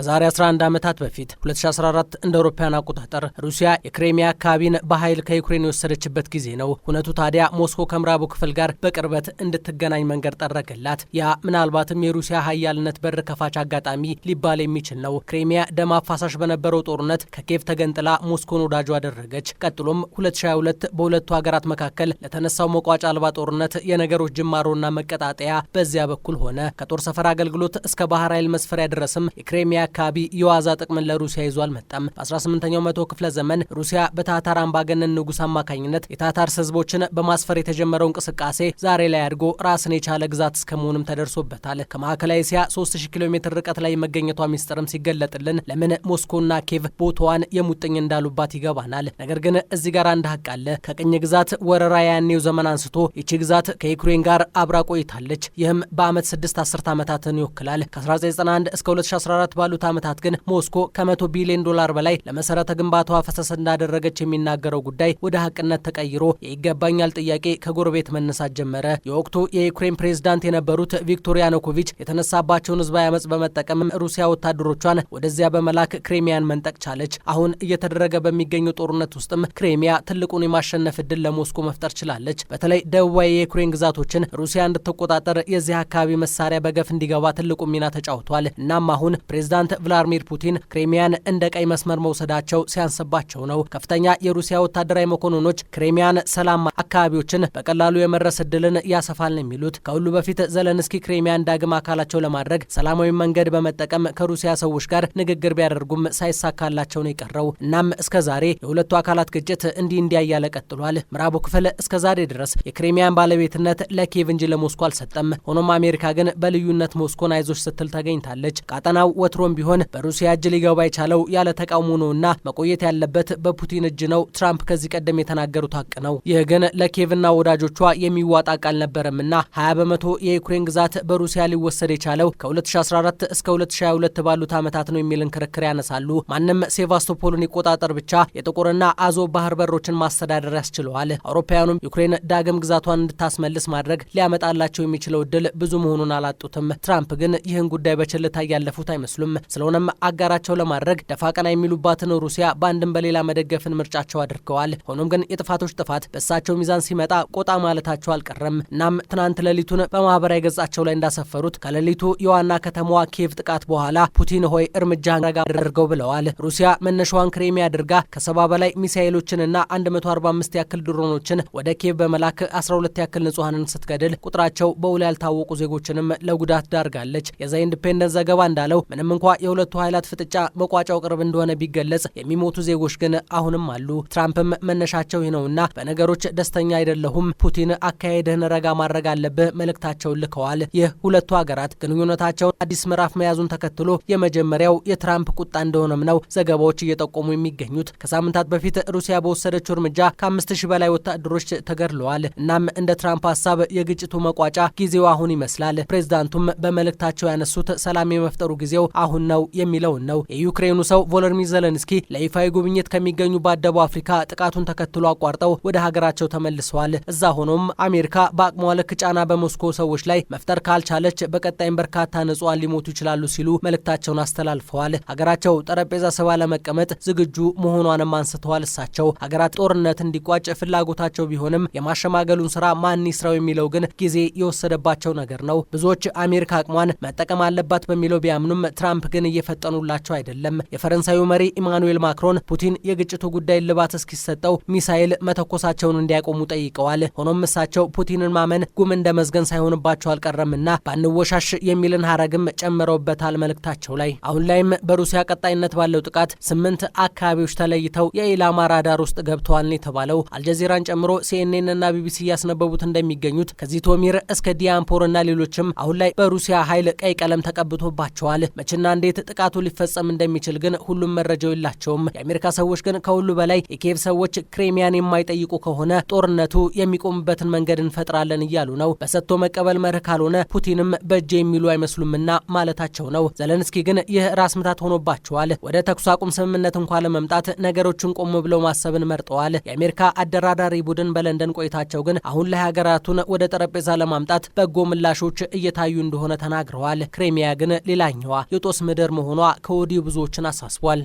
ከዛሬ 11 ዓመታት በፊት 2014 እንደ አውሮፓውያን አቆጣጠር ሩሲያ የክሬሚያ አካባቢን በኃይል ከዩክሬን የወሰደችበት ጊዜ ነው። እውነቱ ታዲያ ሞስኮ ከምዕራቡ ክፍል ጋር በቅርበት እንድትገናኝ መንገድ ጠረገላት። ያ ምናልባትም የሩሲያ ሀያልነት በር ከፋች አጋጣሚ ሊባል የሚችል ነው። ክሬሚያ ደም አፋሳሽ በነበረው ጦርነት ከኬቭ ተገንጥላ ሞስኮን ወዳጁ አደረገች። ቀጥሎም 2022 በሁለቱ ሀገራት መካከል ለተነሳው መቋጫ አልባ ጦርነት የነገሮች ጅማሮና መቀጣጠያ በዚያ በኩል ሆነ። ከጦር ሰፈር አገልግሎት እስከ ባህር ኃይል መስፈሪያ ድረስም የክሬሚያ አካባቢ የዋዛ ጥቅምን ለሩሲያ ይዞ አልመጣም። በ18ኛው መቶ ክፍለ ዘመን ሩሲያ በታታር አምባገነን ንጉሥ አማካኝነት የታታርስ ህዝቦችን በማስፈር የተጀመረው እንቅስቃሴ ዛሬ ላይ አድጎ ራስን የቻለ ግዛት እስከመሆንም ተደርሶበታል። ከማዕከላዊ እስያ 3000 ኪሎ ሜትር ርቀት ላይ መገኘቷ ሚስጥርም ሲገለጥልን ለምን ሞስኮና ኬቭ ቦታዋን የሙጥኝ እንዳሉባት ይገባናል። ነገር ግን እዚህ ጋር አንድ ሀቅ አለ። ከቅኝ ግዛት ወረራ ያኔው ዘመን አንስቶ ይቺ ግዛት ከዩክሬን ጋር አብራ ቆይታለች። ይህም በአመት 6 10 ዓመታትን ይወክላል። ከ1991 እስከ 2014 ባሉ ባሉት ዓመታት ግን ሞስኮ ከመቶ ቢሊዮን ዶላር በላይ ለመሰረተ ግንባታዋ ፈሰስ እንዳደረገች የሚናገረው ጉዳይ ወደ ሀቅነት ተቀይሮ የይገባኛል ጥያቄ ከጎረቤት መነሳት ጀመረ። የወቅቱ የዩክሬን ፕሬዝዳንት የነበሩት ቪክቶር ያኖኮቪች የተነሳባቸውን ህዝባዊ አመፅ በመጠቀም ሩሲያ ወታደሮቿን ወደዚያ በመላክ ክሬሚያን መንጠቅ ቻለች። አሁን እየተደረገ በሚገኘው ጦርነት ውስጥም ክሬሚያ ትልቁን የማሸነፍ እድል ለሞስኮ መፍጠር ችላለች። በተለይ ደቡባዊ የዩክሬን ግዛቶችን ሩሲያ እንድትቆጣጠር የዚህ አካባቢ መሳሪያ በገፍ እንዲገባ ትልቁ ሚና ተጫውቷል። እናም አሁን ፕሬዝዳንት ፕሬዚዳንት ቭላዲሚር ፑቲን ክሬሚያን እንደ ቀይ መስመር መውሰዳቸው ሲያንስባቸው ነው። ከፍተኛ የሩሲያ ወታደራዊ መኮንኖች ክሬሚያን ሰላም አካባቢዎችን በቀላሉ የመድረስ እድልን ያሰፋል ነው የሚሉት። ከሁሉ በፊት ዘለንስኪ ክሬሚያን ዳግም አካላቸው ለማድረግ ሰላማዊ መንገድ በመጠቀም ከሩሲያ ሰዎች ጋር ንግግር ቢያደርጉም ሳይሳካላቸው ነው የቀረው። እናም እስከ ዛሬ የሁለቱ አካላት ግጭት እንዲህ እንዲያ እያለ ቀጥሏል። ምዕራቡ ክፍል እስከ ዛሬ ድረስ የክሬሚያን ባለቤትነት ለኪየቭ እንጂ ለሞስኮ አልሰጠም። ሆኖም አሜሪካ ግን በልዩነት ሞስኮን አይዞች ስትል ተገኝታለች። ቃጠናው ወትሮ ተቃውሞም ቢሆን በሩሲያ እጅ ሊገባ የቻለው ያለ ተቃውሞ ነውና መቆየት ያለበት በፑቲን እጅ ነው። ትራምፕ ከዚህ ቀደም የተናገሩት ሀቅ ነው። ይህ ግን ለኬቭና ወዳጆቿ የሚዋጣ ቃል ነበረምና 20 በመቶ የዩክሬን ግዛት በሩሲያ ሊወሰድ የቻለው ከ2014 እስከ 2022 ባሉት ዓመታት ነው የሚል ክርክር ያነሳሉ። ማንም ሴቫስቶፖልን ይቆጣጠር ብቻ የጥቁርና አዞ ባህር በሮችን ማስተዳደር ያስችለዋል። አውሮፓውያኑም ዩክሬን ዳግም ግዛቷን እንድታስመልስ ማድረግ ሊያመጣላቸው የሚችለው እድል ብዙ መሆኑን አላጡትም። ትራምፕ ግን ይህን ጉዳይ በችልታ ያለፉት አይመስሉም። ስለሆነም አጋራቸው ለማድረግ ደፋ ቀና የሚሉባትን ሩሲያ በአንድም በሌላ መደገፍን ምርጫቸው አድርገዋል። ሆኖም ግን የጥፋቶች ጥፋት በእሳቸው ሚዛን ሲመጣ ቆጣ ማለታቸው አልቀረም። እናም ትናንት ሌሊቱን በማህበራዊ ገጻቸው ላይ እንዳሰፈሩት ከሌሊቱ የዋና ከተማዋ ኬቭ ጥቃት በኋላ ፑቲን ሆይ እርምጃ ረጋ አድርገው ብለዋል። ሩሲያ መነሻዋን ክሬሚያ አድርጋ ከሰባ በላይ ሚሳኤሎችንና 145 ያክል ድሮኖችን ወደ ኬቭ በመላክ 12 ያክል ንጹሐንን ስትገድል ቁጥራቸው በውል ያልታወቁ ዜጎችንም ለጉዳት ዳርጋለች። የዛ ኢንዲፔንደንት ዘገባ እንዳለው ምንም እንኳ የሁለቱ ኃይላት ፍጥጫ መቋጫው ቅርብ እንደሆነ ቢገለጽ የሚሞቱ ዜጎች ግን አሁንም አሉ። ትራምፕም መነሻቸው ይህ ነውና በነገሮች ደስተኛ አይደለሁም፣ ፑቲን አካሄድህን ረጋ ማድረግ አለብህ መልእክታቸውን ልከዋል። ይህ ሁለቱ ሀገራት ግንኙነታቸውን አዲስ ምዕራፍ መያዙን ተከትሎ የመጀመሪያው የትራምፕ ቁጣ እንደሆነም ነው ዘገባዎች እየጠቆሙ የሚገኙት። ከሳምንታት በፊት ሩሲያ በወሰደችው እርምጃ ከአምስት ሺህ በላይ ወታደሮች ተገድለዋል። እናም እንደ ትራምፕ ሀሳብ የግጭቱ መቋጫ ጊዜው አሁን ይመስላል። ፕሬዚዳንቱም በመልእክታቸው ያነሱት ሰላም የመፍጠሩ ጊዜው አሁን አሁን ነው የሚለውን ነው። የዩክሬኑ ሰው ቮሎዲሚር ዘለንስኪ ለይፋዊ ጉብኝት ከሚገኙ ደቡብ አፍሪካ ጥቃቱን ተከትሎ አቋርጠው ወደ ሀገራቸው ተመልሰዋል። እዛ ሆኖም አሜሪካ በአቅሟ ልክ ጫና በሞስኮ ሰዎች ላይ መፍጠር ካልቻለች በቀጣይም በርካታ ንጹሐን ሊሞቱ ይችላሉ ሲሉ መልእክታቸውን አስተላልፈዋል። ሀገራቸው ጠረጴዛ ስባ ለመቀመጥ ዝግጁ መሆኗንም አንስተዋል። እሳቸው ሀገራት ጦርነት እንዲቋጭ ፍላጎታቸው ቢሆንም የማሸማገሉን ስራ ማን ይስራው የሚለው ግን ጊዜ የወሰደባቸው ነገር ነው። ብዙዎች አሜሪካ አቅሟን መጠቀም አለባት በሚለው ቢያምኑም ትራምፕ ግን እየፈጠኑላቸው አይደለም። የፈረንሳዩ መሪ ኢማኑኤል ማክሮን ፑቲን የግጭቱ ጉዳይ ልባት እስኪሰጠው ሚሳኤል መተኮሳቸውን እንዲያቆሙ ጠይቀዋል። ሆኖም እሳቸው ፑቲንን ማመን ጉም እንደ መዝገን ሳይሆንባቸው አልቀረምና ባንወሻሽ የሚልን ሀረግም ጨምረውበታል መልእክታቸው ላይ። አሁን ላይም በሩሲያ ቀጣይነት ባለው ጥቃት ስምንት አካባቢዎች ተለይተው የኢላማ ራዳር ውስጥ ገብተዋል የተባለው። አልጀዚራን ጨምሮ ሲኤንኤን እና ቢቢሲ እያስነበቡት እንደሚገኙት ከዚቶሚር እስከ ዲያምፖር እና ሌሎችም አሁን ላይ በሩሲያ ኃይል ቀይ ቀለም ተቀብቶባቸዋል። መችና እንዴት ጥቃቱ ሊፈጸም እንደሚችል ግን ሁሉም መረጃው የላቸውም። የአሜሪካ ሰዎች ግን ከሁሉ በላይ የኪየቭ ሰዎች ክሬሚያን የማይጠይቁ ከሆነ ጦርነቱ የሚቆምበትን መንገድ እንፈጥራለን እያሉ ነው። በሰጥቶ መቀበል መርህ ካልሆነ ፑቲንም በእጅ የሚሉ አይመስሉምና ማለታቸው ነው። ዘለንስኪ ግን ይህ ራስ ምታት ሆኖባቸዋል። ወደ ተኩስ አቁም ስምምነት እንኳ ለመምጣት ነገሮችን ቆም ብለው ማሰብን መርጠዋል። የአሜሪካ አደራዳሪ ቡድን በለንደን ቆይታቸው ግን አሁን ላይ ሀገራቱን ወደ ጠረጴዛ ለማምጣት በጎ ምላሾች እየታዩ እንደሆነ ተናግረዋል። ክሬሚያ ግን ሌላኛዋ የጦስ ምድር መሆኗ ከወዲሁ ብዙዎችን አሳስቧል።